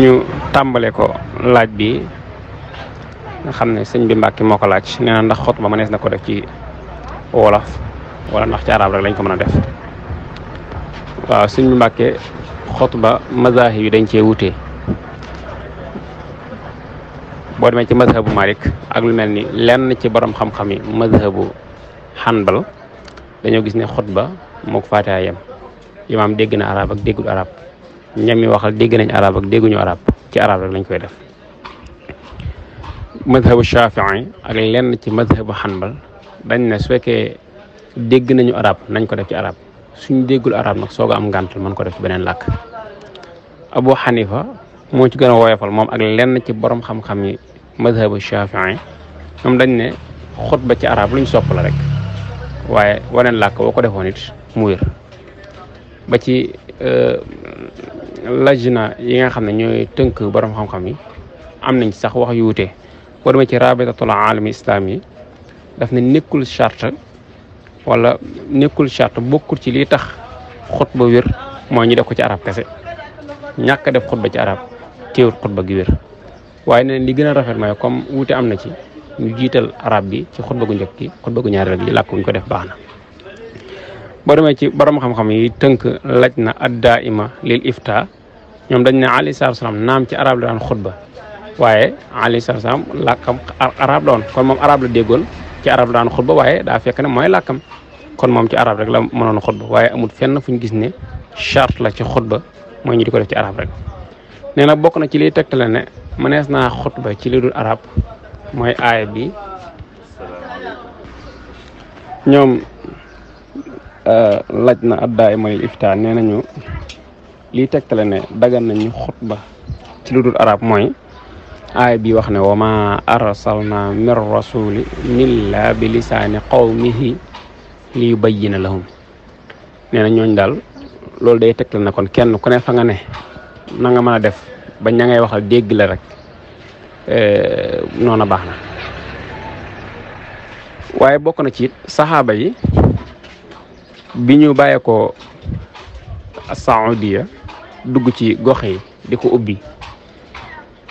ñu tàmbale ko laaj bi nga xam ne sëñ bi Mbàkke moo ko laaj nee na ndax xutba mënees na ko def ci wolof walla ndax ci arab rek lañ ko mën a def waaw sëñ bi Mbàkke xutba mazahib yi dañ cee wutee boo demee ci bu Malik ak lu mel ni lenn ci borom xam-xam yi mazhabu Hanbal dañoo gis ne xutba moo ko faatiha yem imaam dégg na arab ak déggul arab ñami waxal dégg nañ arab ak dégguñu arab ci arab lañ koy def madhabu shafii ak lenn ci madhabu xanbal dañ ne su fekkee dégg nañu arab nañ ko def ci arab suñ déggul arab nag soog a am ngàntal mën ko def ci beneen làkk abu xanifa moo ci gën a woyofal moom ak lenn ci borom xam-xam yi madhabu shafii moom dañ ne ba ci arab luñ soppala la rek waaye waneen làkk boo ko defoon mu wér ba ci euh, lajna yi nga xam ne ñooy tënk borom xam-xam yi am nañ sax wax yu wute boo demee ci rabitatul alami islam yi daf ne nekkul charte wala nekkul charte bokkul ci lii tax xutba wér mooy ñu def ko ci arab kese ñàkk def xutba ci arab teewul xutba gi wér waaye ne li gën a rafet mooy comme wuute am na ci ñu jiital arab bi ci xutba gu njëkk gi xutba gu ñaareel gi làkk ñu ko def baax na boo demee ci borom xam-xam yi tënk laj na adda ima lil ifta ñoom dañ ne alei salatu salaam naam ci arab la daan xutba waaye alei salatu salaam làkkam arab la woon kon moom arab la déggoon ci arab la daan xutba waaye daa fekk ne mooy làkkam kon moom ci arab rek la mënoon xutba waaye amul fenn fu ñu gis ne charte la ci xutba mooy ñu di ko def ci arab rek nee na bokk na ci liy tegtale ne mënees naa xutba ci li dul arab mooy aaya bi ñoom Euh, laaj na addaay mooy ifta nee nañu lii tegtale ne dagan nañu xutba ci lu dul arab mooy aay bi wax ne wa ma arsalna min rasuli illa bi lisaani qawmihi li yubayyina lahum nee na ñooñ daal loolu day tegtal na kon kenn ku ne fa nga ne nanga nga mën a def ba ña ngay waxal dégg la rek euh, noona baax na waaye bokk na ci saxaaba yi bi ñu bàyyee bàyyeekoo Saoudia dugg ci gox yi di ko ubbi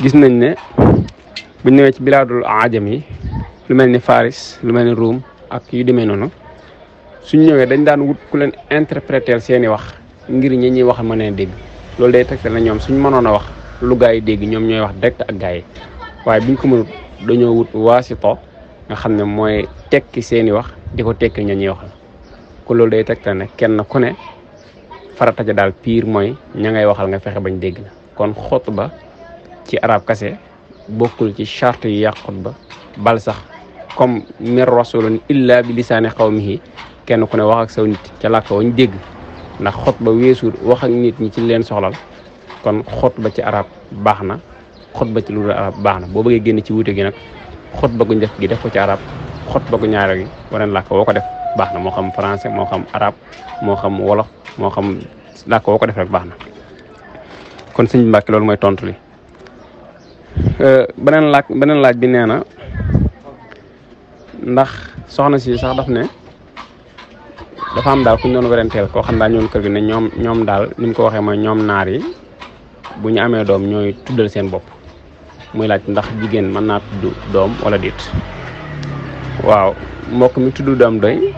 gis nañ ne bu newee ci bilaadul ajam yi lu mel ni Faris lu mel ni Ruum ak yu demee noonu suñ ñëwee dañ daan wut ku leen interpréter seeni wax ngir ñi ñuy wax ma ne dégg loolu day tegtal na ñoom suñ mënoon a wax lu gaa yi dégg ñoom ñooy wax direct ak gaa yi waaye biñ ko mënut dañoo wut waasito nga xam ne mooy tekki seeni wax di ko tekki ña ñuy wax la ko loolu day tegtal ne kenn ku ne farata ja daal piir mooy ña ngay waxal nga fexe bañ dégg la kon ba ci arab kase bokkul ci charte yu yàq ba bal sax comme mir rasulun illa bi lisaani qawmihi kenn ku ne wax ak saw nit ca làkk wañ dégg ndax xutba weesuur wax ak nit ñi ci leen soxlal kon ba ci arab baax na xot ba ci lu dul arab baax na boo bëggee génn ci wute gi nag xutba gu njëkk gi def ko ci arab xutba gu ñaareel gi waneen làkk woo ko def baax na moo xam français moo xam arabe moo xam wolof moo xam làkk woo ko defee rek baax na kon sëñ Mbàkke loolu mooy tontu li euh, beneen laaj beneen laaj bi nee na ndax soxna si sax daf ne dafa am daal ku ñu doon weranteel koo xam daal ñoom kër gi ne ñoom ñoom daal ni ko waxee mooy ñoom naar yi bu ñu amee doom ñooy tuddal seen bopp muy laaj ndax jigéen mën naa tudd doom wala déet waaw mbokk mi tudd doom doy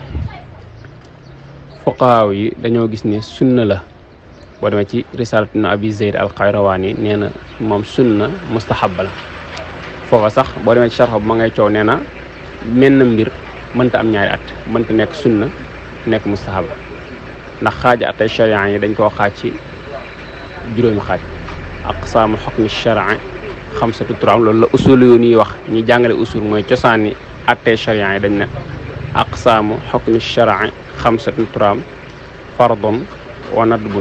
fuqaaw yi dañoo gis ne sunna la boo demee ci risalat na abi zeyd al xayrawaani nee na moom sunna mustahab la foofa sax boo demee ci sarxa bu ma ngay coow nee na menn mbir mënta am ñaari at mënta nekk sunna nekk mustahab ndax xaaji atay sharian yi dañ koo xaaj ci juróomi xaaj aqsaamu xukmi sharian xamsatu turam loolu la usul yu ñuy wax ñi jàngale usul mooy cosaani atay sharian yi dañ ne aqsaamu xukmi sharian خمسة ترام فرض وندب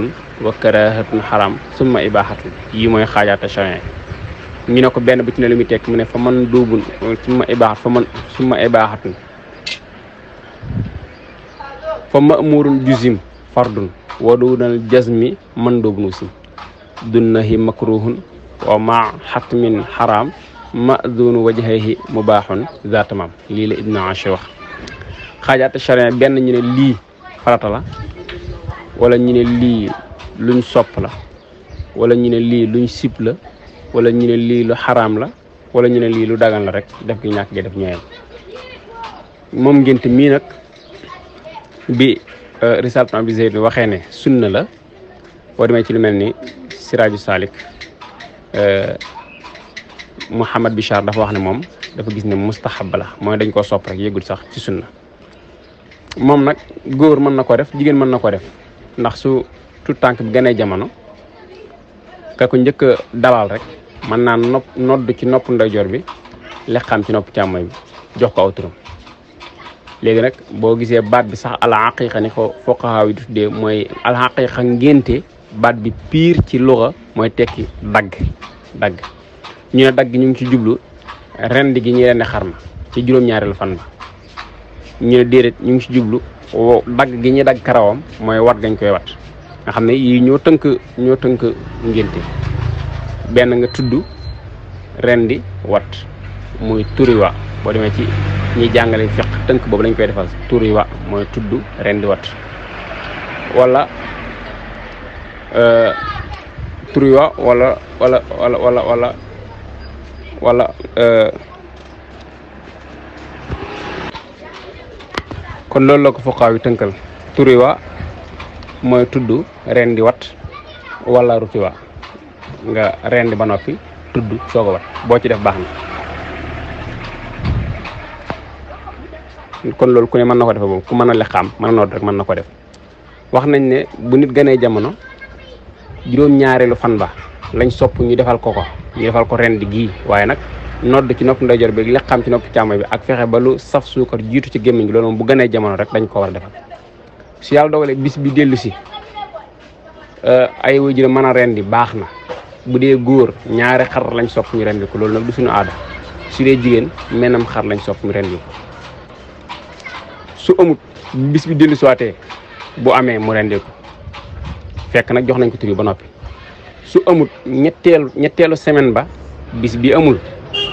وكراهة حرام ثم إباحة يما يخاجع تشاعي مينا كو بين بيتنا لمي تيك مني فمن دوب ثم إباحة فمن ثم إباحة فما أمور جزيم فرض ودون الجزم من دوب نسي دونه مكروه ومع حتم حرام مأذون وجهه مباح ذات مام ليلة ابن عاشر xaajaate charia benn ñu ne lii farata la wala ñu ne lii luñ sopp la wala ñu ne lii luñ sib la wala ñu ne lii lu xaraam la wala ñu ne lii lu dagan la rek def gi ñàkk gi def ñooyam moom ngént mii nag bi euh, Risalat Ibn Abi Zayd bi waxee ne sunna la boo demee ci lu mel ni Siraaju Salik euh, Mouhamad Bichar dafa wax ne moom dafa gis ne mustahab la mooy dañ koo sopp rek yëgul sax ci sunna mom nak goor man nako def jigen man nako def ndax su tout tank bi gane jamono ka ko dalal rek man na nopp nodd ci nopp jor bi xam ci nopp chamay bi jox ko aw turam nak bo gisee baat bi sax haqiqa ni ko foqahaa yi di moy al haqiqa ngénte baat bi pire ci luxa moy tekki dag. dag ñu dag ñu ci jublu rend gi ñi rendi xar ci juroom ñaarel fan ñu ne ñu ci djublu jublu gi ñi dag karawam moy wat gañ koy wat nga xamné yi ño teunk ño teunk ngenté ben nga tuddu rendi wat muy turiwa bo démé ci ñi jàngale fiq teunk bobu lañ koy defal turiwa moy tuddu rendi wat wala euh, turiwa wala wala wala wala wala wala euh, kon loolu la ko foqaaw yi tënkal turi wa mooy tudd di wat wala ruti wa nga rendi ba noppi tudd soog a wat boo ci def baax na kon loolu ku ne mën na ko defe boobu ku mën a lexaam mën a nodd rek mën na ko def wax nañ ne bu nit gënee jamono juróom ñaareelu fan ba lañ sopp ñu defal ko ko ñu defal ko rendi gii waaye nag nodd ci nopp ndeyjoor bi li xam ci nopp càmmoñ bi ak fexé ba lu saf suukar jitu ci gémmiñ lolu bu gënee jamono rek dañ ko wara defal su yalla dogalé bis bi ci euh ay waajur mën mëna rendi baxna bu dé goor ñaari xar lañ sopp ñu rendi ko lolu nak du suñu aada su dé jigen menam xar lañ sopp ñu rendi ko su amut bis bi dellu siwaatee bu amé mu rendi ko fekk nak jox nañ ko tur ba nopi su amut ñetteelu ñettelu semaine ba bis bi amul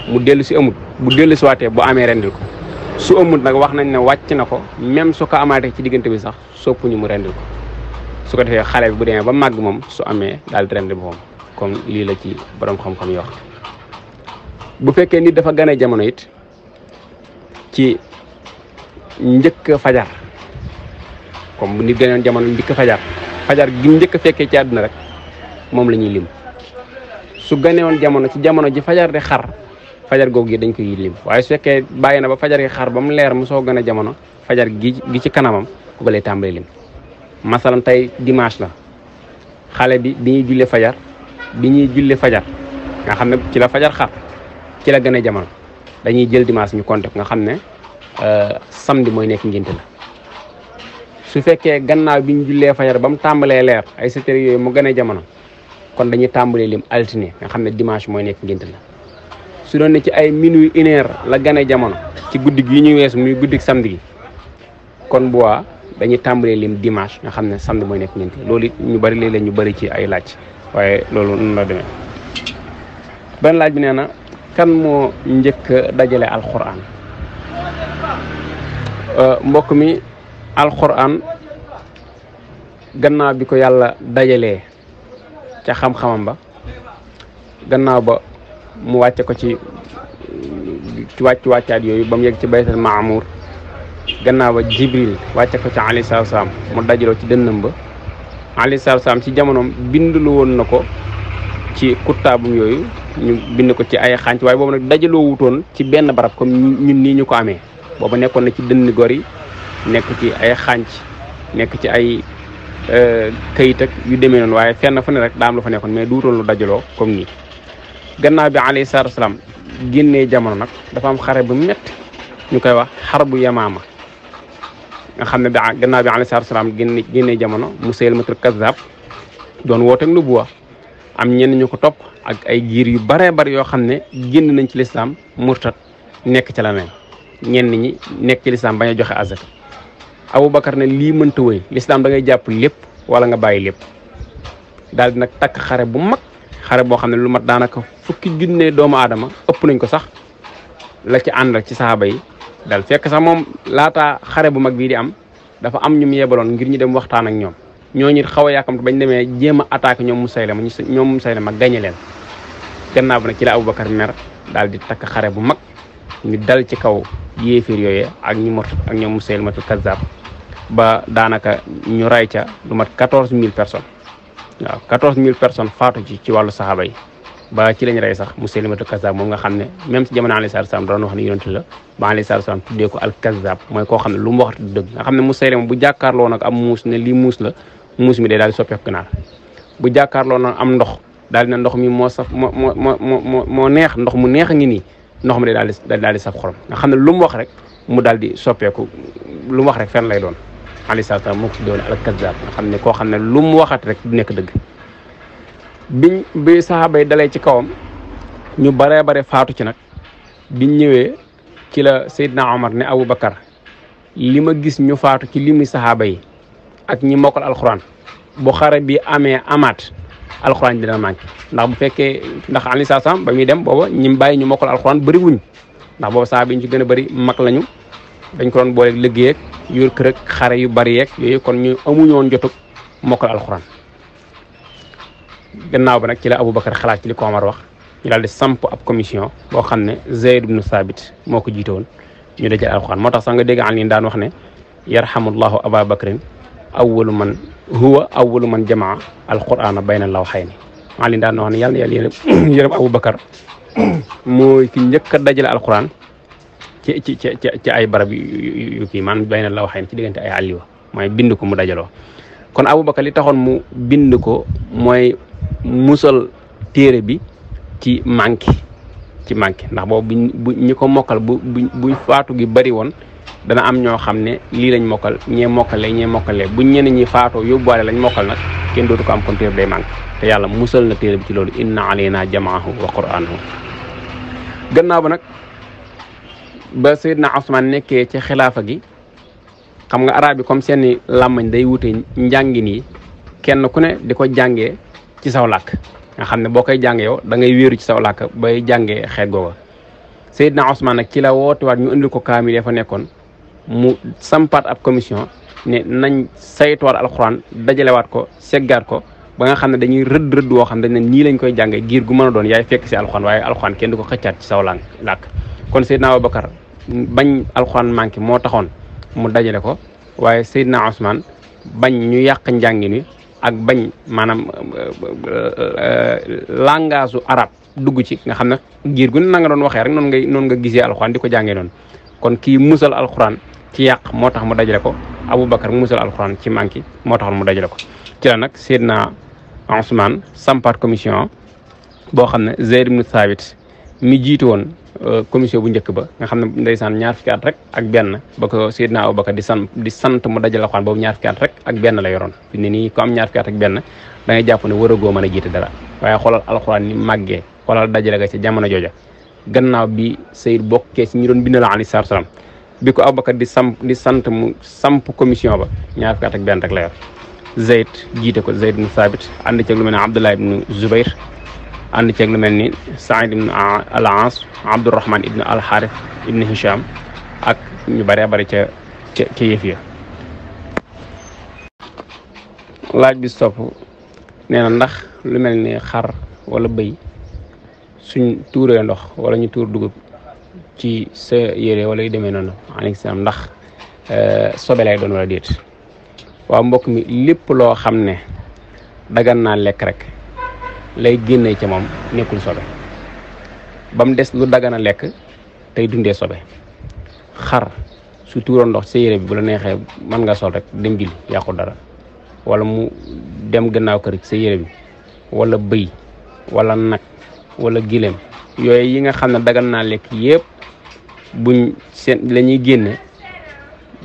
mu dellu si amut bu dellu si waatee bu amee rendil ko su amut nag wax nañ ne wàcc na ko même su ko ci diggante bi sax soo soppuñu mu rendil ko su ko defee xale bi bu demee ba màgg moom su amee daal di rendi boppam comme lii la ci borom xam-xam yi wax bu fekkee nit dafa gane jamono it ci njëkk fajar comme bu nit gënoon jamono njëkk fajar fajar gi njëkk fekkee ci àdduna rek moom la ñuy lim su ganewoon jamono ci jamono ji fajar di xar fajar googu gi dañ koy lim waaye su fekkee bàyyi na ba fajar gi xaar ba mu leer mu soo gën a jamono fajar gi gi ci kanamam ku ko lay tàmbali lim tey dimanche la xale bi bi ñuy julle fajar bi ñuy julle fajar nga xam ne ci la fajar xar ci la gën a jamono dañuy jël dimanche ñu compter nga xam ne euh, samedi mooy nekk ngénte la su fekkee gannaaw bi ñu jullee fajar ba mu tàmbalee leer ay sept yooyu mu gën jamono kon dañuy tàmbalee lim altine nga xam ne dimanche mooy nekk ngénte la su doon ci ay minuit une heure la gane jamono ci guddi gi ñuy weesu muy samedi kon dañuy lim dimanche nga xam samedi mooy nekk ñeenti loolu ñu bari léeg-léeg bari ci ay laaj waaye loolu noonu la demee benn laaj bi nee kan mo njëkk dajale alquran euh, mbokk mi alquran gannaaw bi ko yàlla dajalee xam-xamam ba gannaaw ba mu wàcce ko ci ci wàcc wàccaat yooyu ba mu yegg ci baytal maamuur gannaaw ba jibril wàcce ko ci aleyhi salaatu salaam mu dajaloo ci dënnam ba aleyhi salaatu salaam ci jamonoom bindlu woon na ko ci kuttaabum yooyu ñu bind ko ci ay xànc waaye boobu nag dajaloo wutoon ci benn barab comme ñun nii ñu ko amee boobu nekkoon na ci dënn gor yi nekk ci ay xànc nekk ci ay euh, kayit ak yu demee noonu waaye fenn fu ne rek daam lu fa nekkoon mais du wutoon lu dajaloo comme nii gannaaw bi alayhi salaatu wasalaam génnee jamono nak dafa am xare bu métti ñu koy wax xar bu nga xam bi gannaaw bi alayhi salaatu wasalaam génne génnee jamono Musaylamatul Kazzab doon wooteeg nubuwa am ñenn ñu ko topp ak ay giir yu baree bari yoo xam ne génn nañ ci lislaam murtat nekk ci la neen ñenn ñi nekk ci lislaam bañ a joxe azaka Abubakar ne lii mënta wéy lislaam da ngay jàpp lépp wala nga bàyyi lépp daal di nag takk xare bu mag xare boo xam ne lu mat daanaka fukki junne doomu aadama ëpp nañ ko sax la ci ànd àndal ci saxaaba yi dal fekk sax moom laata xare bu mag bii di am dafa am ñu mu yebaloon ngir ñu dem waxtaan ak ñoom ñooñu it xaw a bañ demee jéem a attaqué ñoom Musaylama ñoom Musaylama gañe leen gannaaw bi nag ci la Aboubacar mer daal di takk xare bu mag ñu dal ci kaw yéeféer yooyee ak ñu mort ak ñoom Musaylamatul Kazzab ba daanaka ñu ray ca lu mat quatorze mille personnes waaw quatorze mille personne faatu ci ci wàllu saxaaba yi ba ci lañ rey sax mu a kazzab moom nga xam ne même si jamono alayhi salaatu salaam doon wax ne yonent la ba alayhi salaatu salaam tuddee ko al kazzab mooy koo xam ne lu mu wax dëgg nga xam ne musaylima bu jàkkaarloo nag am muus ne lii muus la muus mi day daal di soppeeku bu jàkkaarloo nag am ndox daal dina ndox mi moo saf moo moo moo moo neex ndox mu neex a ngi nii ndox mi day daal di daal di saf xorom xam ne lu mu wax rek mu daal di soppeeku lu wax rek fen lay doon ali salaatu wa salaam moo al kazzab nga xam ne koo lu mu waxat rek du nekk dëgg biñ bi sahaba yi dalay ci kawam ñu bare bare faatu ci nak biñ ñewé ci la sayyidna umar ne Abu Bakar Lima gis ñu faatu ci limi sahaba yi ak ñi al alxuraan bu xare bi amat amat alxuraan dina manqué ndax bu fekkee ndax ali salaatu wa ba muy dem bobo ñim bay ñu mokkal alxuraan bari wuñ ndax bobo sahaba yi ci lañu dañ ko doon booleeg liggéey ak yor kër ak xare yu bari yeeg yooyu kon ñu amuñoon jotug mokkal alxuraan gannaaw ba nag ci la Aboubacar xalaat ci li ko Omar wax ñu daal di samp ab commission boo xam ne Zayd ibnu Saabit moo ko jiitoon ñu dajal alxuraan moo tax sax nga dégg an liin daan wax ne yarhamullahu aba bakrin awwalu man huwa awwalu man jamaa alqurana bayna lawhayni an liin daan wax ne yàlla na yàlla yërëm Aboubacar mooy ki njëkk a dajale alxuraan ci ci ci ci ay barab yu kii man bay na la waxee ci diggante ay àlliwa mooy bind ko mu dajaloo kon Abubakar li taxoon mu bind ko mooy musal téere bi ci manqué ci manqué ndax boobu bu ñi ko mokkal bu bu faatu gi bari woon dana am ñoo xam ne lii lañ mokkal ñee mokkale ñee mokkale bu ñeneen ñi faatoo yóbbuwaale lañ mokkal nag kenn dootu ko am kon téere bi day manqué te yàlla musal na téere bi ci loolu inna alayna jamaahu wa qur'anahu gannaaw ba nag ba Seydina Ousmane nekkee ci xilaafa gi xam nga arab yi comme seeni làmmañ day wute njàngin nii kenn ku ne di ko jàngee ci saw làkk nga xam ne boo koy jàngee yow da ngay wéeru ci saw làkk bay jàngee xeet googa Seydina Ousmane nag ci la wootewaat ñu indil ko kaamil ya fa nekkoon mu sampaat ab commission ne nañ saytuwaat alxuraan dajalewaat ko seggaat ko ba nga xam ne dañuy rëdd rëdd woo xam ne dañ ne nii lañ koy jàngee giir gu mën a doon yaay fekk si waaye alxuraan kenn ko xëccaat ci saw làkk kon Seydina Abubakar bañ alxuraan manqué moo taxoon mu dajale ko waaye Seydina Ousmane bañ ñu yàq njàngin wi ak bañ maanaam euh, langage arab dugg ci nga xam ne giir gu na nga doon waxee rek noonu ngay noonu nga gisee alxuraan di ko jàngee noonu kon kii musal alxuraan ci yàq moo tax mu dajale ko Aboubacar musal alxuraan ci manqué moo taxoon mu dajale ko ci la nag Seydina Ousmane sampaat commission boo xam ne Zayd ibn Thabit mi jiitu woon commission bu njëkk ba nga xam ne ndeysaan ñaar fukki at rek ak benn ba ko abou Abubakar di sant di sant mu dajale xaan boobu ñaar fukki at rek ak benn la yoroon fi ne nii ko am ñaar fukki at ak benn da ngay jàpp ne waragoo mën a jiite dara waaye xoolal alxuraan ni màggee xoolal dajale ga ci jamono jooja gannaaw bi Seyd bokkee ci ñu doon bindal aleyhi salaatu salaam bi ko Abubakar di samp di sant mu samp commission ba ñaar fukki at ak benn rek la yor Zayd jiite ko Zayd ibn Thabit ànd lu mel ne Abdullah ibn Zubair ànd ceeg lu mel ni Saïd ibn al As Abdourahman ibn al Harith ibn Hisham ak ñu bëree bëri ca ca ca yëf ya laaj bi sopp nee na ndax lu mel ni xar wala bëy suñ tuuree ndox wala ñu tuur dugub ci sa yére wala yu demee noonu alayhi salaam ndax sobe lay doon wala déet waaw mbokk mi lépp loo xam ne dagan naa lekk rek lay génnee ca moom nekkul sobe ba mu des lu dagan a lekk tey dundee sobe xar su tuuroon ndox sa yére bi bu la neexee man nga sol rek dem julli yàqu dara wala mu dem gannaaw kër sa yére bi walla bëy wala nag wala gileem yooyu yi nga xam ne dagan naa lekk yépp buñ seen lañuy ñuy génne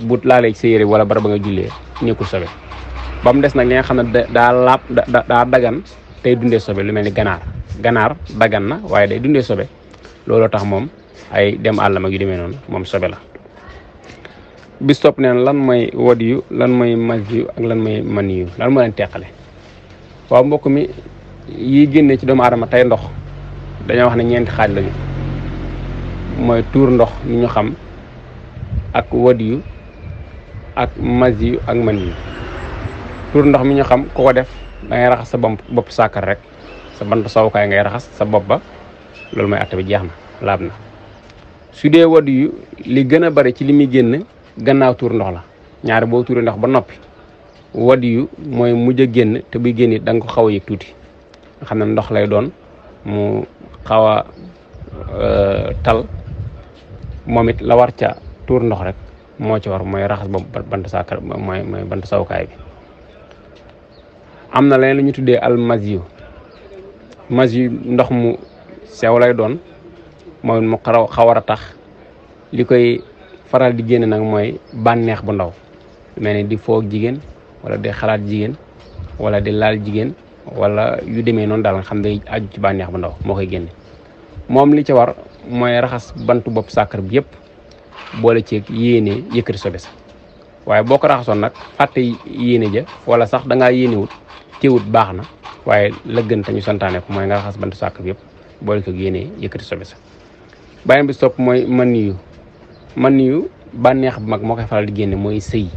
bu laalee sa yére bi wala bara ba nga jullee nekkul sobe ba mu des nag li nga xam ne daa laab daa dagan tey dundee sobe lu mel ni ganaar ganaar dagan na waaye day dundee sobe looloo tax moom ay dem àll mag yu demee noonu moom sobe la bis topp neen lan mooy wod yu lan mooy maj yu ak lan mooy man yu lan moo leen teqale waaw mbokk mi yi génne ci doomu aadama tey ndox dañoo wax ne ñeenti xaaj lañu mooy tuur ndox ni ñu xam ak wod ak maj yu ak man yu tuur ndox mi ñu xam ku ko def da ngay raxas sa bopp saakar rek sa bant sowukaay ngay raxas sa bop ba lolou mooy atte bi jeex labna su dee wad yu li gëna bari ci limi muy génn gannaaw tour ndox la ñaar bo tour ndox ba nopi wad yu moy mujjë a génn te bu dang ko xaw tuti xamna ndox lay doon mu xawa euh, tal momit la war ca tour ndox rek mo ci war moy raxas bop bant saakar moy moy bant bi am na leneen lu ñu tuddee almasiyu masiyu ndox mu sew lay doon mooy mu xaw a tax li koy faral di génn nag mooy bànneex bu ndaw mel ni di foog jigéen wala di xalaat jigéen walla di laal jigéen wala yu demee noonu daal nga xam day aju ci bànneex bu ndaw moo koy génne moom li ci war mooy raxas bantu bopp sàkkar bi yëpp boole ceeg yéene yëkkati sobe sa waaye boo ko raxasoon nag fàtte yéene ja wala sax danga yéenewut téewut baax na waaye la gën te ñu santaane ko mooy nga raxas bantu sàkk bi yëpp boole ko génnee yëkkati sobe sa beneen bi topp mooy man yu man yu bànneex bu mag moo koy faral di génne mooy sëy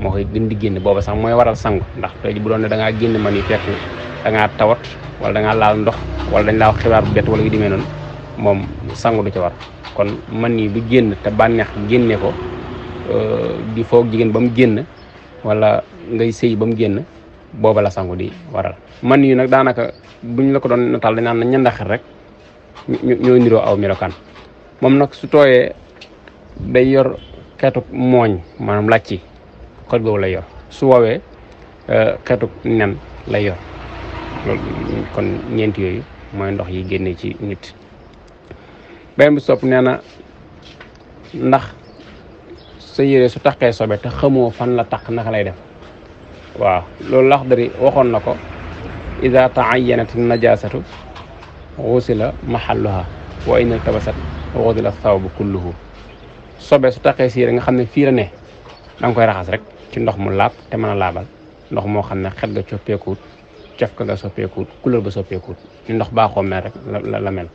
moo koy gën di génn booba sax mooy waral sangu ndax tey ji bu doon ne da ngaa génne man yu fekk da ngaa tawat wala da laal ndox wala dañ laa wax xibaar bu bett wala yu demee noonu moom sangu du ca war kon man yu bi génn te bànneex génne ko euh, di foog jigéen ba mu génn walla ngay sëy ba mu génn booba la sangu di waral man yu nag daanaka buñ la ko doon nataal dañ naan nañ ndax rek ñoo niroo aw melokaan moom nag su tooyee day yor xeetu mooñ maanaam làcci xët googu la yor su woowee euh, xeetu nen lay yor kon ñeent yooyu mooy ndox yi génnee ci nit benn bi sopp nee na ndax sa yére su taqee sobe te xamoo fan la taq naka lay def waaw loolu laxdari waxoon na ko ida taayanat najasatu xusila mahalluha wa in tabasat xusila sawbu kulluhu sobe su taqee siire nga xam ne fii la ne da nga koy raxas rek ci ndox mu laab te mën a laabal ndox moo xam ne xet ga coppeekuut cof ka nga soppeekuut couleur ba soppeekuut ni ndox baaxoo mel rek la la mel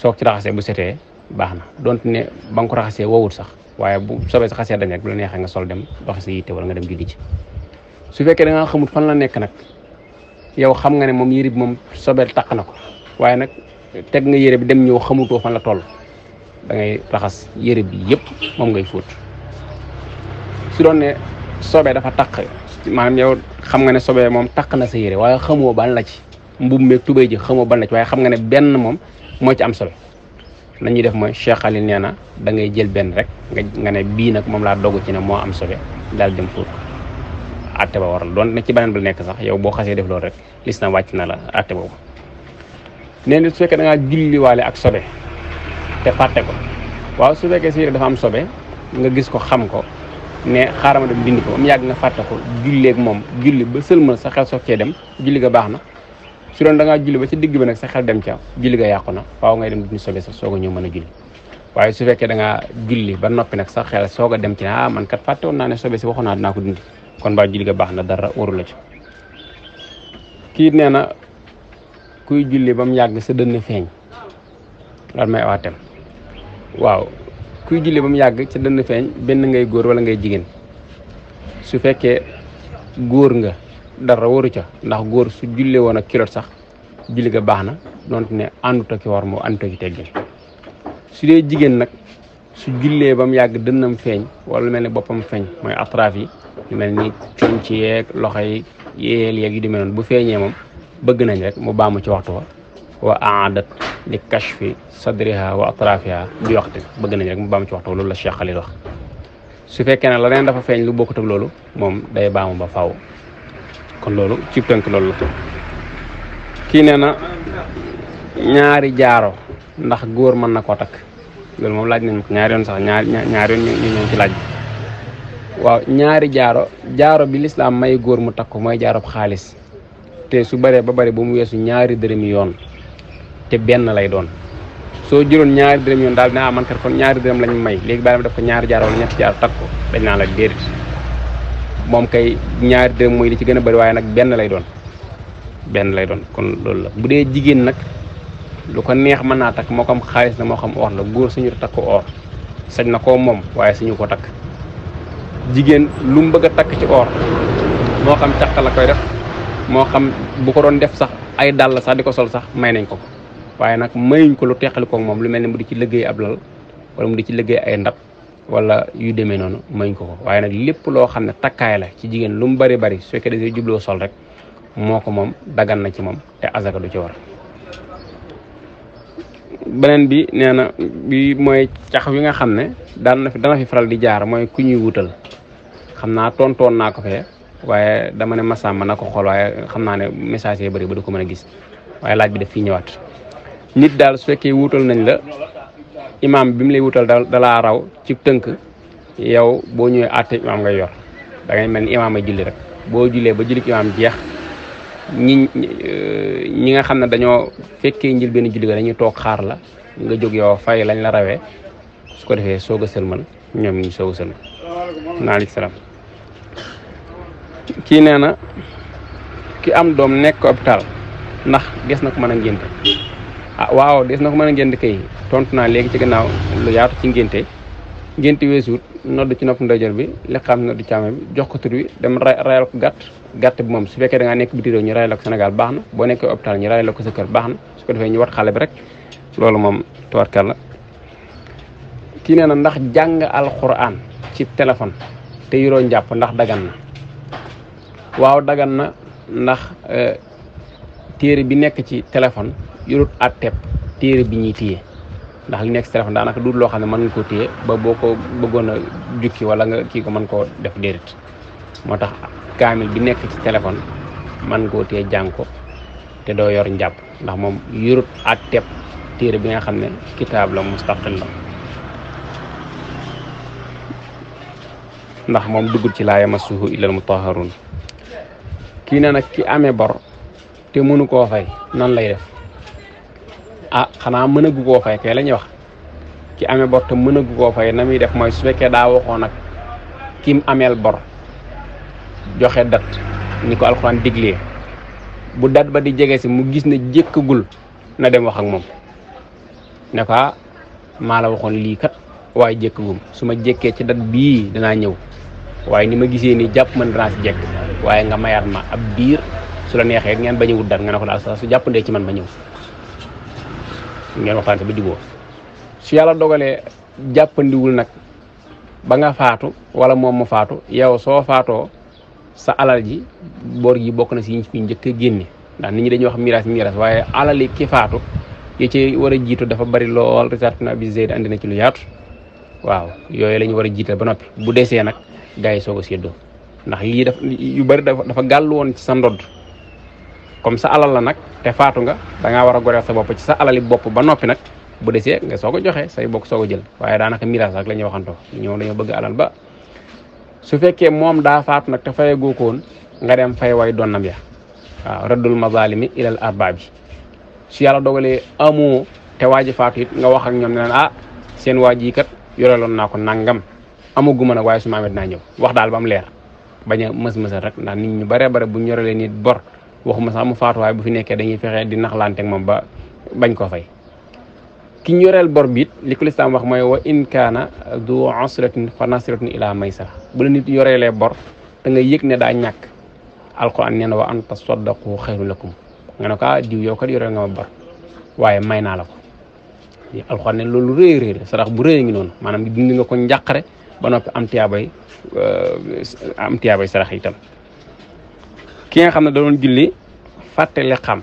soog ci raxasee bu setee baax na donte ne ba nga ko raxasee wowut sax waaye bu sobee sa a dañ rek bu la neexee nga sol dem doxi sa yitte wala nga dem julli ci su fekkee da nga fan la nekk nag yow xam nga ne moom yére bi moom sobeel taq na ko waaye nag teg nga yére bi dem ñëw xamutoo fan la toll da ngay raxas yére bi yëpp moom ngay fóot su doon ne sobee dafa taq maanaam yow xam nga ne sobee moom taq na sa yére waaye xamoo ban la ci mbub meeg tubéy ji xamoo ban la ci waaye xam nga ne benn moom moo ci am solo la ñuy def mooy Cheikh Ali nee na da ngay jël benn rek nga nga ne bii nag moom laa dogu ci ne moo am sobe daal dem fóot ko atte ba waral doon na ci beneen bi nekk sax yow boo xasee def loolu rek na wàcc na la atte boobu nee na su fekkee da ngaa ak sobe te fàtte ko waaw su fekkee si dafa am sobe nga gis ko xam ko ne xaaral ma dem dindi ko ba mu ko julleeg moom julli ba sëlmal sa xel soog cee dem julli ga baax na su doon da ngaa julli digg bi nag sa xel dem ca julli ga yàqu na waaw ngay dem dindi sobe sax soog a mën a waaye su fekkee da ngaa julli ba noppi nag sa xel soog a dem ci ne ah man kat fàtte woon naa ne sobe si waxoon naa dinaa ko dindi kon ba julli ga baax na dara waru la ci kii nee na kuy julli ba mu yàgg sa dënn feeñ loolu waaw kuy julli ba mu yàgg sa dënn feeñ benn ngay góor walla ngay jigéen su fekkee góor nga dara waru ca ndax góor su julle woon ak kilot sax julli ga baax na donte ne ànduta ki war moo ànduta ki teggin su dee jigéen nag su jullee ba mu yàgg dënnam feeñ wala mel ni boppam feeñ mooy atraaf yu mel ni fiñ ci yeeg loxo yi yéel yeeg yu demee bu feeñee moom bëgg nañ rek mu baamu ci waxtu wa wa aadat li kashfi sadriha wa atrafiha bi waxtu bëgg nañ rek mu baamu ci waxtu wa loolu la Cheikh Khalil wax su fekkee ne leneen dafa feeñ lu bokkut loolu moom day baamu ba faw kon loolu ci tënk loolu la kii nee na ñaari jaaro ndax góor mën na koo takk loolu moom laaj nañ ko ñaari yoon sax ñaari ñaari yoon ñu ñoom ci laaj bi waaw ñaari jaaro jaaro bi lislaam may góor mu takk mooy jaarob xaalis te su baree ba bari ba mu weesu ñaari dërëmi yoon te benn lay doon soo jëloon ñaari dërëm yoon daal dina ah, man kat kon ñaari dërëm lañ may léegi bàyyi def ko ñaari jaaro wala ñetti jaaro ko dañ naan la déedéet kay ñaari dërëm mooy li ci gën a bari waaye nag benn lay doon benn lay doon kon loolu la bu dee jigéen nag lu ko neex mën naa takk moo xam xaalis na moo xam or la góor suñu takk or sañ na koo moom waaye suñu ko takk jigéen lu mu bëgg a takk ci or moo xam caq la koy def moo xam bu ko doon def sax ay dàll sax di ko sol sax may nañ ko ko waaye nag mayuñ ko lu teqali koog moom lu mel ni mu di ci liggéey ab lal wala mu di ci liggéey ay ndab wala yu demee noonu mayuñ ko ko waaye nag lépp loo xam ne takkaay la ci jigéen lu mu bari bari su fekkee dafay jubloo sol rek moo ko moom dagan na ci moom te asaka du ci war beneen bi nee na bi mooy cax wi nga xam ne daan na fi dana fi faral di jaar mooy ku ñuy wutal xam naa tontoon naa ko fe waaye dama ne masamba na ko xool waaye xam naa ne message yi bari ba du ko mën a gis waaye laaj bi daf fii ñëwaat nit daal su fekkee wutal nañ la imaam bi mu lay wutal dalaa raw ci tënk yow boo ñëwee àtte imaam ngay yor da ngay mel ni imaam ay julli rek boo jullee ba julli imaam jeex ñi ñi nga xam ne dañoo fekkee njëlbéenu julli ga dañuy toog xaar la nga jóg yow fay lañ la rawee su ko defee soog a sëlmal ñoom ñu soog a sëlmal maaleykum salaam kii nee na ki am doom nekk hôpital ndax des na ko mën a ngénte ah waaw des na ko mën a ngénte kay tontu naa léegi ci gannaaw lu yaatu ci ngénte ngenti weesuut nodd ci nopp ndeyjoor bi xam nodd càmmoñ bi jox ko tur wi dem rayal ko gatt gatt bi moom su fekkee da ngaa nekk biti réew ñu rayal ko Sénégal baax na boo nekkee hôpital ñu rayal ko sa kër baax na su ko defee ñu wat xale bi rek loolu moom tubarkal la ki nee na ndax jàng alquran ci téléphone te yoro njàpp ndax dagan na waaw dagan na ndax eh, téere bi nekk ci téléphone yorut àtteeb téere bi ñuy téye ndax li nekk si téléphone daanaka du loo xam ne mën nga koo téye ba boo ko bëggoon a jukki wala nga kii ko mën koo def déedéet moo tax kaamil bi nekk ci téléphone mën koo téye jàng ko te doo yor njàpp ndax moom yurut ak tepp téere bi nga xam ne kitaab la mustaqil la ndax moom duggul ci laa yamassuhu illal mutahharun kii na nag ki amee bor te mënu koo fay nan lay def ah xanaa a gu koo fay kay lañ wax ki amé bor te mën gu fay na def moy su daa waxoon kim amel bor joxe dat ni ko alxuraan diglee bu dat ba di jege si mu gis ne jékkagul na dem wax ak mom né ko ah, mala waxon li kat way jékkagum suma jékké ci dat bi dana ñëw ni ma gisé ni japp man danaa si jekk nga mayat ma ab bir su la nexé ngeen bañu a wut dat nga ne ko daal su ndé ci man ba ñëw ngeen waxtaan te ba juboo su yàlla dogalee jàppandiwul nag ba nga faatu wala moom mu faatu yow soo faatoo sa alal ji bor yi bokk na si fi njëkk a génne ndax nit ñi dañuy wax miraas miraas waaye alal ki faatu yi ci war a jiitu dafa bari lool Richard Ibn Abi andi na ci lu yaatu waaw yooyu la ñu war a jiital ba noppi bu desee nag gars yi soog a séddoo ndax yii yu bari dafa dafa gàll woon ci sa ndodd comme sa alal la nag te faatu nga da ngaa war a sa bopp ci sa alali bopp ba noppi nag bu desee nga soog a joxe say bokk soog jël waaye daanaka miraas rek la ñuy waxantoo ñoom dañoo a alal ba su fekkee moom daa faatu nag te fayagoo ko nga dem fay way donnam ya waaw raddul mazalimi ilal arba bi su yàlla dogalee amoo te waa ji faatu it wax ak ñoom ne leen ah seen waa ji kat loon na ko nangam amaguma nag waaye su ma amee ñëw wax daal ba mu leer bañ a mës rek ndax nit ñu bare bare bu ñu yorelee nit bor waxuma sax mu faatu waaye bu fi nekkee dañuy fexe di naxlante ak moom ba bañ koo fay ki ñu yoreel bor biit it li ko lislaam wax mooy wa in kaana du usratin fa nasratun ila maysara bu la nit yoreelee bor da nga yëg ne daa ñàkk alko nee na wa an tasaddaqu xayru lakum nga ne ko ah, diw yow kat yoreel nga ma bor waaye may naa la ko alquran ne loolu réy réy sarax bu réy ngi noonu maanaam dindi nga ko njàqare ba noppi am tiyaabay euh, am tiyaabay sarax itam ki nga xamne da doon julli fàtte li xam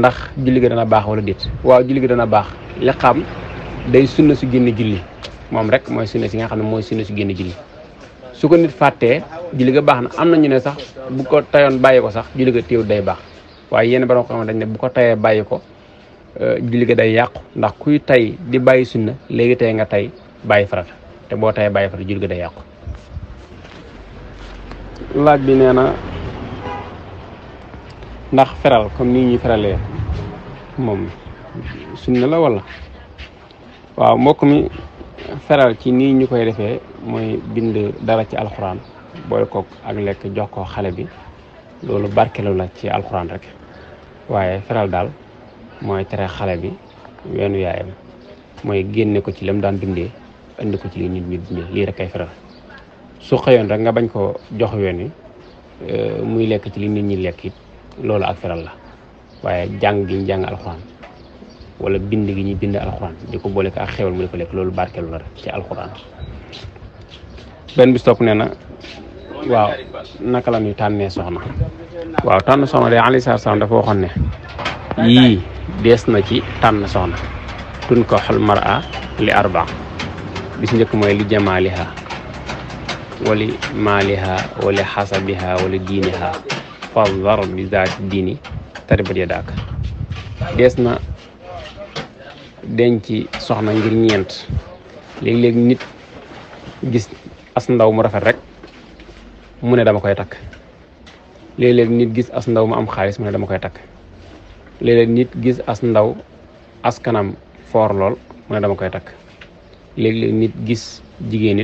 ndax julli ga dana bax wala dit waaw julli ga dana bax li xam day sunna su génn julli mom rek moy sunna si nga xamne moy sunna su génn julli su ko nit fàttee julli ga baxna na ñu ne sax bu ko tayon bàyyi ko sax julli ga téewut day bax waaye yeen borom xam dañ ne bu ko tayee bàyyi ko euh, julli ga day yaq ndax kuy tay di bàyyi sunna léegi tay nga tay bàyyi farata te bo tay bàyyi farata julli ga day yàqu laaj bi nee na ndax feral comme nii ñuy ferale moom sunna la walla waaw mbokk mi feral ci nii ñu koy defee mooy bind dara ci alxuraan boole ko ak lekk jox ko xale bi loolu barkelu la ci alxuraan rek waaye feral daal mooy tere xale bi weenu yaayam mooy génne ko ci lam daan dundee indi ko ci li nit ñi dundee lii rek kay feral su xeyon rek nga bañ ko jox yoon euh muy lek ci li nit ñi lek it loolu ak feral la waye jang gi jang wala bind gi ñi bind alxuraan di ko ak xewal mu di ko lekk loolu barkeelu la rek ci alxuraan ben bis top neena waaw naka la ñu tànnee soxna waaw tan soxna de sar salaam dafa waxone yi des na ci tan soxna tun ko xol mara li arba bis njëkk moy li jamaliha wali maaliha wali xasabiha wali diiniha fadar bi zaati diini taribat ya daak dees na denc soxna ngir ñeent léegi-léegi nit gis as ndaw mu rafet rek mu ne dama koy takk léeg-léeg nit gis as ndaw mu am xaalis dama koy takk léeg nit gis as ndaw askanam foor lool mu ne dama koy takk léeg-léeg nit gis jigéen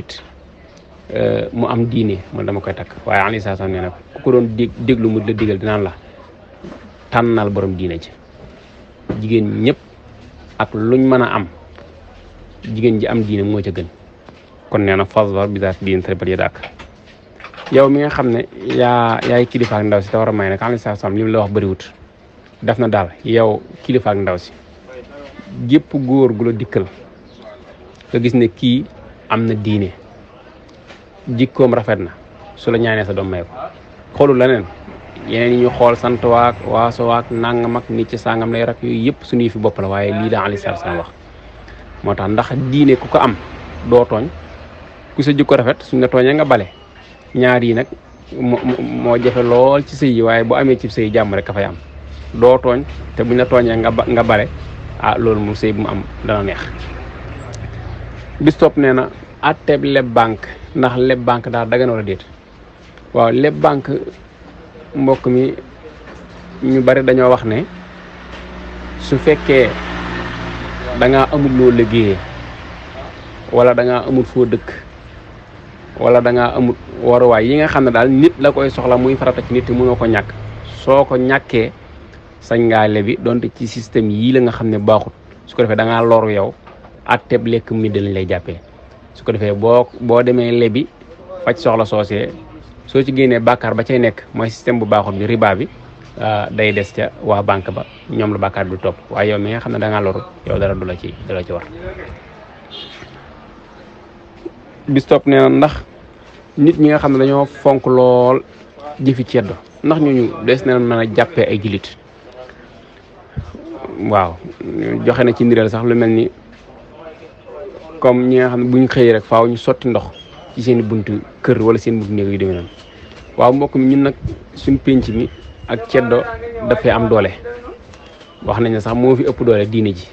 Eh, mu am diine man dama koy takk waaye aleyhi salaatu nee na ku ko doon deglu mu la digal dinaan la tanal borom diine ci jigen ñep ak luñ mëna am Jigen ji am diine mo ca gën kon neena na bi daal diine très ya dak yow mi nga xamne ya yaay kilifa ak ndaw ci tawara may nak ali mu la wax bëriwut def na dal yow kilifa ak ndaw si gep goor gu la dikkel nga gis ne ki am diine jikkoom rafet na su la ñaanee sa doom may ko xoolul leneen yeneen yi ñu xool sant waak waaso waak nangam ak nit ci sangam lay rek yu yëpp suñuy fi bopp la waaye lii la alayhi salaam wax moo tax ndax diine ku ko am doo tooñ ku sa jikko rafet suñ la tooñee nga bale ñaar yi nag moo jafe lool ci sëy yi waaye bu amee ci sëy jàmm rek ka fay am doo tooñ te buñ la tooñee nga nga bale ah loolu mu sëy bu mu am dana neex bis topp nee na banque ndax leb bank da daga wala déet waaw leb bank mbokk mi ñu bari dañoo wax ne su fekkee da ngaa amul loo liggéeyee wala da ngaa amul foo dëkk wala da ngaa amul waruwaay yi nga xam ne daal nit la koy soxla muy farata ci nit te mënoo ko ñàkk soo ko ñàkkee sañ ngaa lebi donte ci système yii la nga xam ne baaxut su ko defee da ngaa lor yow atteb lekk mi dañ lay jàppee su ko defee boo boo demee lebi faj soxla soosee soo ci génnee bàkkaar ba cay nekk mooy système bu baaxul bi riba bi ah, day des ca waa banque ba ñoom la bàkkaar du topp waaye yow mi nga xam ne da ngaa loru yow dara du la ci du la ci war bis topp nee ndax nit ñi nga xam ne dañoo fonk lool jëfi ceddo ndax ñooñu des na mën a jàppee ay jullit waaw joxe na ci ndiral sax lu mel ni comme ñi nga xam ne xey rek faaw ñu soti ndox ci seen buntu kër wala seen buntu néeg yu demee noonu waaw mbokk mi ñun nak suñu pénc mi ak da fay am doole wax nañ sax mo fi ëpp doole diine ji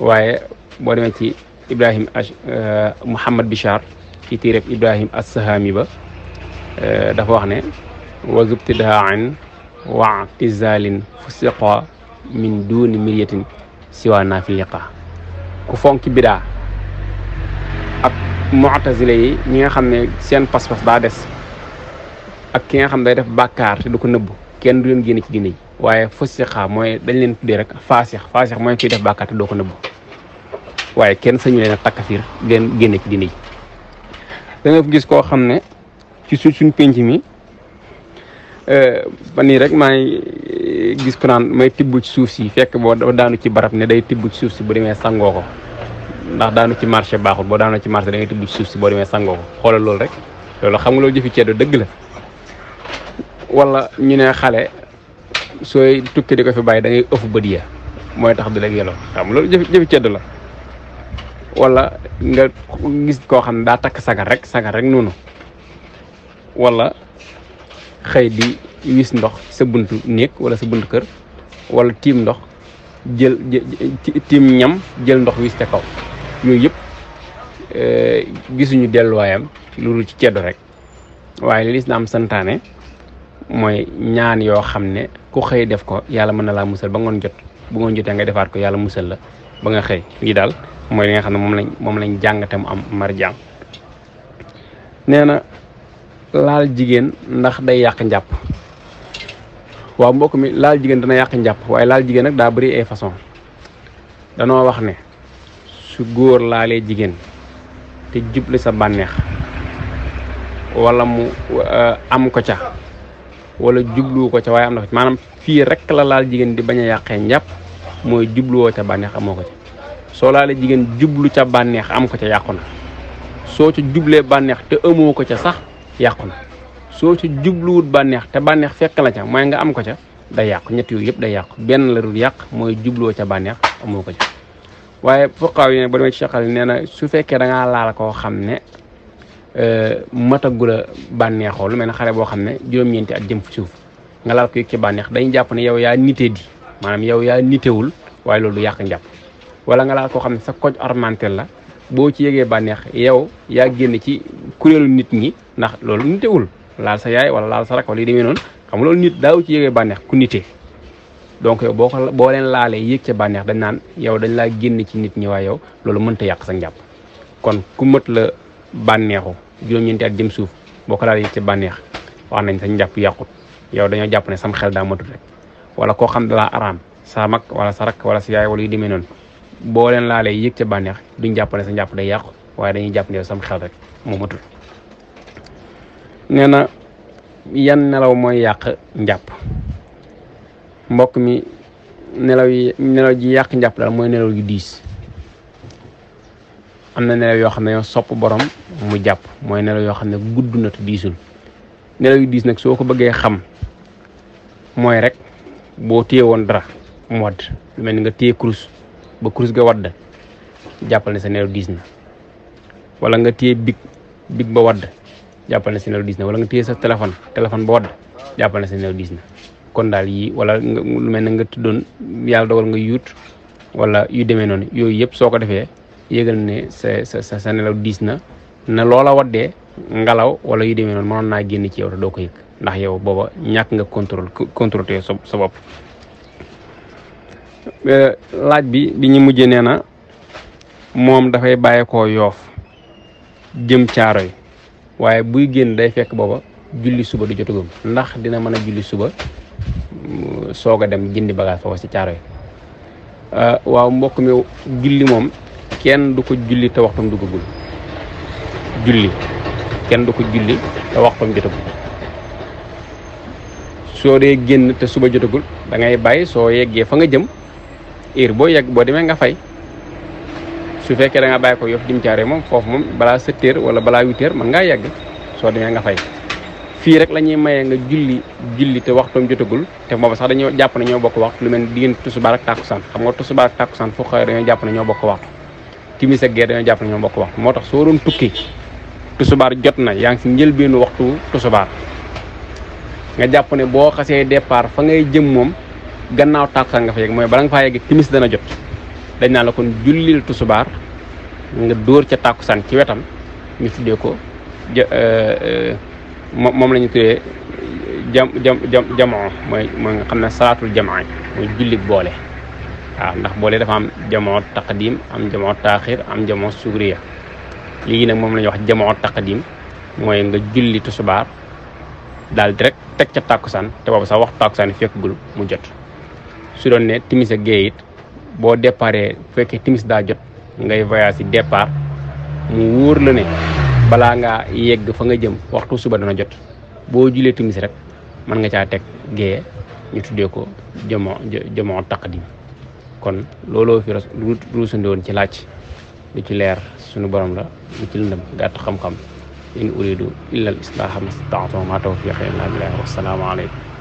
waye bo demee ci Ibrahim euh, mohammed Bichar ci tire Ibrahim as-sahami ba euh, dafa wax ne wa zubtidaan wa tizalin fusiqa min duni miryatin siwa nafiqa ku fonki bidaa ak mu'tazila yi ñi nga xam ne seen pas-pas daa des ak ki nga xam ne day def bàkkaar te du ko nëbbu kenn du leen génne ci diine yi waaye fasiqa mooy dañ leen tuddee rek faasix faasix mooy kiy def bàkkaar te doo ko nëbbu waaye kenn sañu leen a takkafiir leen génne ci diine yi da gis koo xam ne ci suñ suñ pénc mi euh, ba nii rek maa ngi euh, gis ko naan may tibb ci suuf si fekk boo dafa daanu ci barab ne day tibb ci suuf si bu demee sangoo ko ndax daanu ci marché baaxul bo daanu ci marché da ngay tuddu suuf si bo demé sango xolal xoolal rek loolu xam nga jëf ci ceddo deug la wala ñu né xalé soy tukki di ko fi bàyyi da ngay ëff bëdiya ya tax du leen yeloo xam jëf jëf ci ceddo la wala nga gis ko xam da tak sagar rek sagar rek wala xey di wis ndox sa buntu néeg wala sa buntu kër wala tim ndox jël tiim ñam jël ndox wis ca kaw yooyu yëpp eh, gisuñu delluwaayam ci lulu ci ceddo rek waye l'islam santane moy ñaan yo xamne ku xey def ko yalla mën la laa musal ba ngon jot bu ngon jotee nga defaat ko yalla musal la ba nga xey lii dal moy li nga xamne mom lañ mom lañ jàngate mu am marjam neena laal jigen ndax day yak njàpp wa mbok mi laal jigen dana yak njàpp waye laal jigen nak da bari ay façon dano wax ne su góor laalee jigéen te jublu sa bànneex wala mu euh, am ko ca walla jubluwu ko ca waaye am na ko ca maanaam fii rek la laal jigéen di bañ a yàqee njàpp mooy jubluwoo ca bànneex amoo ko ca soo laalee jigéen jublu ca bànneex am ko ca yàqu na soo ca jublee bànneex te amoo ko ca sax yàqu na soo ca jubluwut bànneex te bànneex fekk la ca mooy nga am ko ca da yàq ñett yooyu yëpp day yàqu benn la dul yàq mooy jubloo ca bànneex amoo ko ca waaye fuqaaw yi ne ba demee ci xal nee na su fekkee da ngaa laal koo xam ne euh, matagula bànneexoo lu mel ne xale boo xam ne juróom-ñeenti at jëm suuf nga laal ko yëg ci bànneex dañuy jàpp ne yow yaa nitee di maanaam yow yaa nitewul waaye loolu du yàq njàpp wala nga laal koo xam ne sa koj armantel la boo ci yëgee bànneex yow yaa génn ci kuréelu nit ñi ndax loolu nitewul laal sa yaay wala laal sa rak wala yi demee noonu xam loolu nit daaw ci yëgee bànneex donc yow boo boo leen laalee yéeg ca bànneex dañ naan yow dañ laa génn ci nit ñi waaye yow loolu mënta yàq sa njàpp kon ku mët la bànneexu juróom-ñeenti at jëm suuf boo ko laal yéeg ca bànneex wax nañ sa njàpp yàqut yow dañoo jàpp ne sam xel daa matut rek wala koo xam dalaa araam sa mag wala wala sa yaay wala demee noonu boo leen laalee yéeg ca bànneex duñ sa njàpp day yàqu waaye dañuy jàpp ne yow sam xel rek moo matul nee na yan nelaw mooy yàq njàpp mbokk mi nelaw yi nelaw ji yàq njàpp daal mooy nelaw yu diis am na nelaw yoo xam ne yow sopp borom mu jàpp mooy nelaw yoo xam ne gudd na te diisul nelaw yu diis nag soo ko bëggee xam mooy rek boo téye woon dara mu wadd mel ni nga téye kurus ba kurus ga wadd jàppal ne sa nelaw diis na wala nga téye big big ba wadd jàppal ne sa nelaw diis na wala nga téye sa téléphone téléphone ba wadd jàppal ne sa nelaw diis na kon daal yi wala lu mel ne nga tuddoon yàlla dogal nga yuut wala yu demee noonu yooyu yëpp soo ko defee yëgal ne sa sa sa sa nelaw diis na na loola waddee ngalaw wala yu demee noonu mënoon naa génn ci yow te doo ko yëg ndax yow booba ñàkk nga contrôle contrôle sa sa bopp. Euh, laaj bi bi ñu mujjee nee na moom dafay bàyyeekoo yoof jëm caaro yi waaye buy génn day fekk booba julli suba du jotagum ndax dina mën a julli suba soog a dem jindi bagage fo ci caaro euh waaw mbokk mi julli mom kenn du ko julli te waxtam duggagul julli kenn du ko julli te waxtam jotagul so de genn te suba jotagul da ngay baye so yegge fa nga jëm heure bo yegg bo demé nga fay su fekke da nga baye ko yof dim caare mom foofu mom bala 7h wala bala 8h man nga yegg so demé nga fay fi rek la maye nga julli julli te waxtoom jotagul te booba sax dañu japp ne ñoo bokk wax lu mel ni tusu barak takusan xam nga tusu barak takusan fu xëy dañu japp ne ñoo bokk wax timis ak gee dañu japp ne ñoo bokk wax motax so doon tukki bar jot na yang ci si njëlbeenu waxtu bar nga japp ne bo xasse départ fa ngay jëm mom gannaaw tàkkusaan nga fa yegg moy barang fa yegg timis dana jot dañ na la kon jullil bar nga door ci takusan ci wetam ñu tuddee ko euh, euh, moom la ñu tuddee jam jam jam jamoo mooy mooy nga xam ne salaatul jamaa mooy julli boole waaw ndax boole dafa am jamoo taqdim am jamoo taaxir am jamoo sugriya léegi nag moom la ñuy wax jamoo taqdim mooy nga julli tusubaar daal rek teg ca tàkkusaan te boobu sax waxtu tàkkusaan fekkagul mu jot su doon ne timis ak geeyit pare, boo déparee fekkee timis daa jot ngay voyage si départ mu wóor la ne balaa ngaa yegg fa nga jëm waxtu suba dana jot boo julee timis rek man nga caa teg gée ñu tuddee ko jëmoo jëmoo taqdim kon looloo fi ruusandi woon ci laaj lu ci leer sunu borom la lu ci lëndëm gàtt xam-xam in uridu illa al islaaha mastata'tu wa ma tawfiqi illa billah wassalaamu aleykum